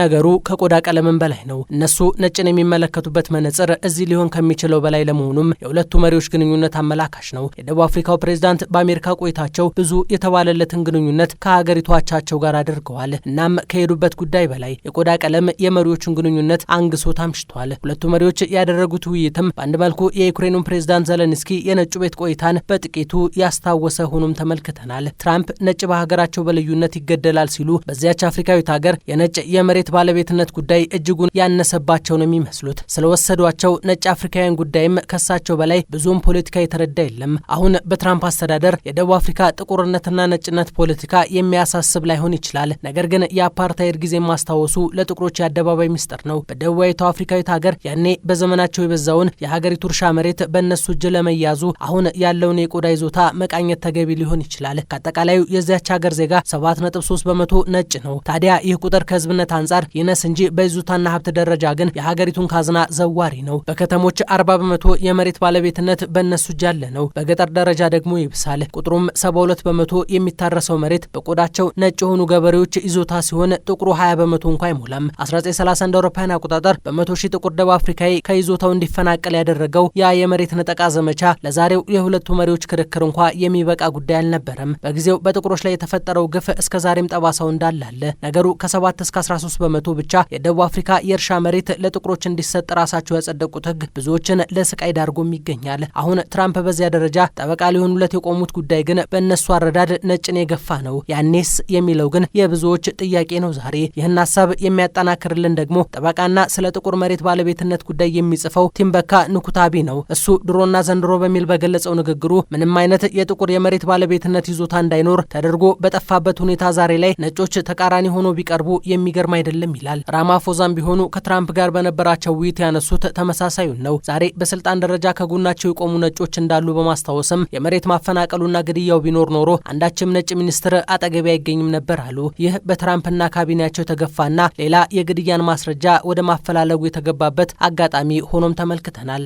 ነገሩ ከቆዳ ቀለምን በላይ ነው። እነሱ ነጭን የሚመለከቱበት መነጽር እዚህ ሊሆን ከሚችለው በላይ ለመሆኑም የሁለቱ መሪዎች ግንኙነት አመላካሽ ነው። የደቡብ አፍሪካው ፕሬዝዳንት በአሜሪካ ቆይታቸው ብዙ የተባለለትን ግንኙነት ከሀገሪቱ አቻቸው ጋር አድርገዋል። እናም ከሄዱበት ጉዳይ በላይ የቆዳ ቀለም የመሪዎቹን ግንኙነት አንግሶ ታምሽቷል። ሁለቱ መሪዎች ያደረጉት ውይይትም በአንድ መልኩ የዩክሬኑን ፕሬዝዳንት ዘለንስኪ የነጩ ቤት ቆይታን በጥቂቱ ያስታወሰ ሆኖም ተመልክተናል። ትራምፕ ነጭ በሀገራቸው በልዩነት ይገደላል ሲሉ በዚያች አፍሪካዊት ሀገር የነጭ የመሬት የመሬት ባለቤትነት ጉዳይ እጅጉን ያነሰባቸው ነው የሚመስሉት። ስለወሰዷቸው ነጭ አፍሪካውያን ጉዳይም ከሳቸው በላይ ብዙም ፖለቲካ የተረዳ የለም። አሁን በትራምፕ አስተዳደር የደቡብ አፍሪካ ጥቁርነትና ነጭነት ፖለቲካ የሚያሳስብ ላይሆን ይችላል። ነገር ግን የአፓርታይድ ጊዜ ማስታወሱ ለጥቁሮች የአደባባይ ሚስጥር ነው። በደቡባዊቷ አፍሪካዊት ሀገር ያኔ በዘመናቸው የበዛውን የሀገሪቱ እርሻ መሬት በእነሱ እጅ ለመያዙ አሁን ያለውን የቆዳ ይዞታ መቃኘት ተገቢ ሊሆን ይችላል። ከአጠቃላዩ የዚያች ሀገር ዜጋ 7.3 በመቶ ነጭ ነው። ታዲያ ይህ ቁጥር ከህዝብነት አንጻር አንጻር ይነስ እንጂ በይዞታና ሀብት ደረጃ ግን የሀገሪቱን ካዝና ዘዋሪ ነው። በከተሞች አርባ በመቶ የመሬት ባለቤትነት በእነሱ እጅ ያለ ነው። በገጠር ደረጃ ደግሞ ይብሳል። ቁጥሩም ሰባ ሁለት በመቶ የሚታረሰው መሬት በቆዳቸው ነጭ የሆኑ ገበሬዎች ይዞታ ሲሆን ጥቁሩ ሀያ በመቶ እንኳ አይሞላም። 1930 እንደ አውሮፓውያን አቆጣጠር በመቶ ሺህ ጥቁር ደቡብ አፍሪካዊ ከይዞታው እንዲፈናቀል ያደረገው ያ የመሬት ነጠቃ ዘመቻ ለዛሬው የሁለቱ መሪዎች ክርክር እንኳ የሚበቃ ጉዳይ አልነበረም። በጊዜው በጥቁሮች ላይ የተፈጠረው ግፍ እስከ ዛሬም ጠባሳው እንዳላለ ነገሩ ከ7 እስከ 13 በመቶ ብቻ የደቡብ አፍሪካ የእርሻ መሬት ለጥቁሮች እንዲሰጥ ራሳቸው ያጸደቁት ሕግ ብዙዎችን ለስቃይ ዳርጎም ይገኛል። አሁን ትራምፕ በዚያ ደረጃ ጠበቃ ሊሆኑለት የቆሙት ጉዳይ ግን በእነሱ አረዳድ ነጭን የገፋ ነው። ያኔስ የሚለው ግን የብዙዎች ጥያቄ ነው። ዛሬ ይህን ሀሳብ የሚያጠናክርልን ደግሞ ጠበቃና ስለ ጥቁር መሬት ባለቤትነት ጉዳይ የሚጽፈው ቲምበካ ንኩታቢ ነው። እሱ ድሮና ዘንድሮ በሚል በገለጸው ንግግሩ ምንም አይነት የጥቁር የመሬት ባለቤትነት ይዞታ እንዳይኖር ተደርጎ በጠፋበት ሁኔታ ዛሬ ላይ ነጮች ተቃራኒ ሆኖ ቢቀርቡ የሚገርም አይደለም አይደለም ይላል። ራማፎዛም ቢሆኑ ከትራምፕ ጋር በነበራቸው ውይይት ያነሱት ተመሳሳዩን ነው። ዛሬ በስልጣን ደረጃ ከጎናቸው የቆሙ ነጮች እንዳሉ በማስታወስም የመሬት ማፈናቀሉና ግድያው ቢኖር ኖሮ አንዳችም ነጭ ሚኒስትር አጠገቢ አይገኝም ነበር አሉ። ይህ በትራምፕና ካቢኔያቸው የተገፋና ሌላ የግድያን ማስረጃ ወደ ማፈላለጉ የተገባበት አጋጣሚ ሆኖም ተመልክተናል።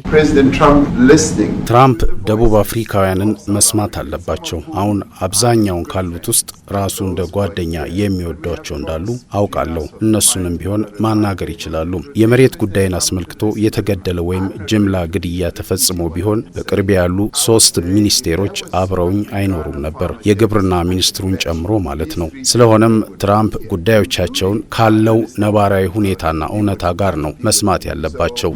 ትራምፕ ደቡብ አፍሪካውያንን መስማት አለባቸው። አሁን አብዛኛውን ካሉት ውስጥ ራሱ እንደ ጓደኛ የሚወዷቸው እንዳሉ አውቃለሁ። እነ እነሱንም ቢሆን ማናገር ይችላሉ። የመሬት ጉዳይን አስመልክቶ የተገደለ ወይም ጅምላ ግድያ ተፈጽሞ ቢሆን በቅርብ ያሉ ሶስት ሚኒስቴሮች አብረውኝ አይኖሩም ነበር፣ የግብርና ሚኒስትሩን ጨምሮ ማለት ነው። ስለሆነም ትራምፕ ጉዳዮቻቸውን ካለው ነባራዊ ሁኔታና እውነታ ጋር ነው መስማት ያለባቸው።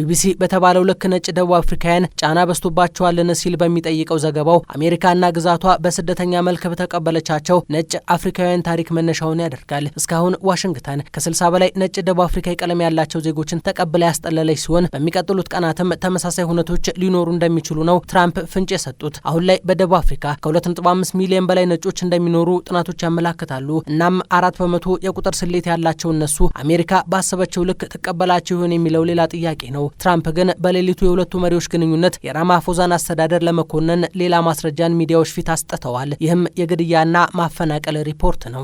ቢቢሲ በተባለው ልክ ነጭ ደቡብ አፍሪካውያን ጫና በስቶባቸዋልን ሲል በሚጠይቀው ዘገባው አሜሪካና ግዛቷ በስደተኛ መልክ በተቀበለቻቸው ነጭ አፍሪካውያን ታሪክ መ መነሻውን ያደርጋል። እስካሁን ዋሽንግተን ከ60 በላይ ነጭ ደቡብ አፍሪካ ቀለም ያላቸው ዜጎችን ተቀብላ ያስጠለለች ሲሆን በሚቀጥሉት ቀናትም ተመሳሳይ ሁነቶች ሊኖሩ እንደሚችሉ ነው ትራምፕ ፍንጭ የሰጡት። አሁን ላይ በደቡብ አፍሪካ ከ2.5 ሚሊዮን በላይ ነጮች እንደሚኖሩ ጥናቶች ያመላክታሉ። እናም አራት በመቶ የቁጥር ስሌት ያላቸው እነሱ አሜሪካ ባሰበችው ልክ ትቀበላቸው ይሆን የሚለው ሌላ ጥያቄ ነው። ትራምፕ ግን በሌሊቱ የሁለቱ መሪዎች ግንኙነት የራማፎዛን አስተዳደር ለመኮንን ሌላ ማስረጃን ሚዲያዎች ፊት አስጥተዋል። ይህም የግድያና ማፈናቀል ሪፖርት ነው።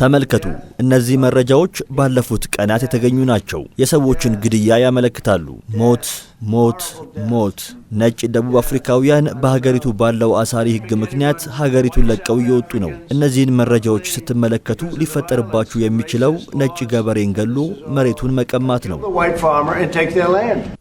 ተመልከቱ፣ እነዚህ መረጃዎች ባለፉት ቀናት የተገኙ ናቸው። የሰዎችን ግድያ ያመለክታሉ። ሞት ሞት ሞት ነጭ ደቡብ አፍሪካውያን በሀገሪቱ ባለው አሳሪ ሕግ ምክንያት ሀገሪቱን ለቀው እየወጡ ነው። እነዚህን መረጃዎች ስትመለከቱ ሊፈጠርባችሁ የሚችለው ነጭ ገበሬን ገሎ መሬቱን መቀማት ነው።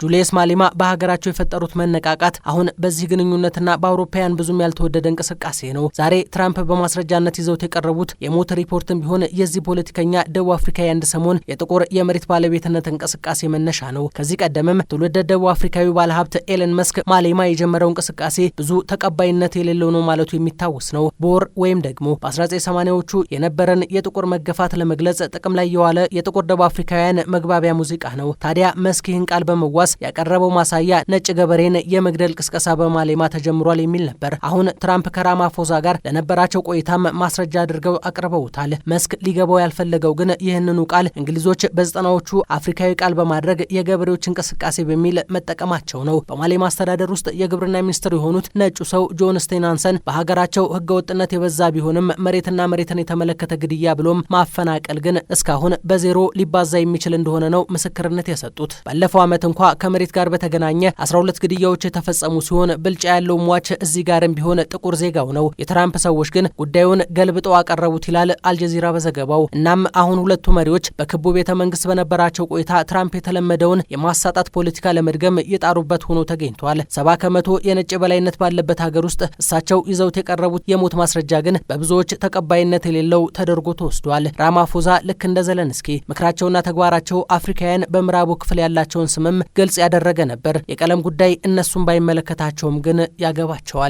ጁልየስ ማሊማ በሀገራቸው የፈጠሩት መነቃቃት አሁን በዚህ ግንኙነትና በአውሮፓውያን ብዙም ያልተወደደ እንቅስቃሴ ነው። ዛሬ ትራምፕ በማስረጃነት ይዘውት የቀረቡት የሞት ሪፖርትም ቢሆን የዚህ ፖለቲከኛ ደቡብ አፍሪካ አንድ ሰሞን የጥቁር የመሬት ባለቤትነት እንቅስቃሴ መነሻ ነው። ከዚህ ቀደምም ትውልደ ደቡብ አፍሪካዊ ባለሀብት ኤለን መስክ ማሌማ የጀመረው እንቅስቃሴ ብዙ ተቀባይነት የሌለው ነው ማለቱ የሚታወስ ነው። ቦር ወይም ደግሞ በ1980ዎቹ የነበረን የጥቁር መገፋት ለመግለጽ ጥቅም ላይ የዋለ የጥቁር ደቡብ አፍሪካውያን መግባቢያ ሙዚቃ ነው። ታዲያ መስክ ይህን ቃል በመዋስ ያቀረበው ማሳያ ነጭ ገበሬን የመግደል ቅስቀሳ በማሌማ ተጀምሯል የሚል ነበር። አሁን ትራምፕ ከራማፎዛ ጋር ለነበራቸው ቆይታም ማስረጃ አድርገው አቅርበውታል። መስክ ሊገባው ያልፈለገው ግን ይህንኑ ቃል እንግሊዞች በዘጠናዎቹ አፍሪካዊ ቃል በማድረግ የገበሬዎች እንቅስቃሴ በሚል መጠቀማቸው ነው። በማሌማ አስተዳደር ውስጥ የግብርና ሚኒስትር የሆኑት ነጩ ሰው ጆን ስቴናንሰን በሀገራቸው ህገወጥነት የበዛ ቢሆንም መሬትና መሬትን የተመለከተ ግድያ ብሎም ማፈናቀል ግን እስካሁን በዜሮ ሊባዛ የሚችል እንደሆነ ነው ምስክርነት የሰጡት። ባለፈው ዓመት እንኳ ከመሬት ጋር በተገናኘ 12 ግድያዎች የተፈጸሙ ሲሆን ብልጫ ያለው ሟች እዚህ ጋርም ቢሆን ጥቁር ዜጋው ነው። የትራምፕ ሰዎች ግን ጉዳዩን ገልብጠው አቀረቡት ይላል አልጀዚራ በዘገባው። እናም አሁን ሁለቱ መሪዎች በክቡ ቤተ መንግስት በነበራቸው ቆይታ ትራምፕ የተለመደውን የማሳጣት ፖለቲካ ለመድገም የጣሩበት ሆኖ ተገኝቷል። ገልጸዋል። ሰባ ከመቶ የነጭ በላይነት ባለበት ሀገር ውስጥ እሳቸው ይዘውት የቀረቡት የሞት ማስረጃ ግን በብዙዎች ተቀባይነት የሌለው ተደርጎ ተወስዷል። ራማፎዛ ልክ እንደ ዘለንስኪ ምክራቸውና ተግባራቸው አፍሪካውያን በምዕራቡ ክፍል ያላቸውን ስምም ግልጽ ያደረገ ነበር። የቀለም ጉዳይ እነሱን ባይመለከታቸውም ግን ያገባቸዋል።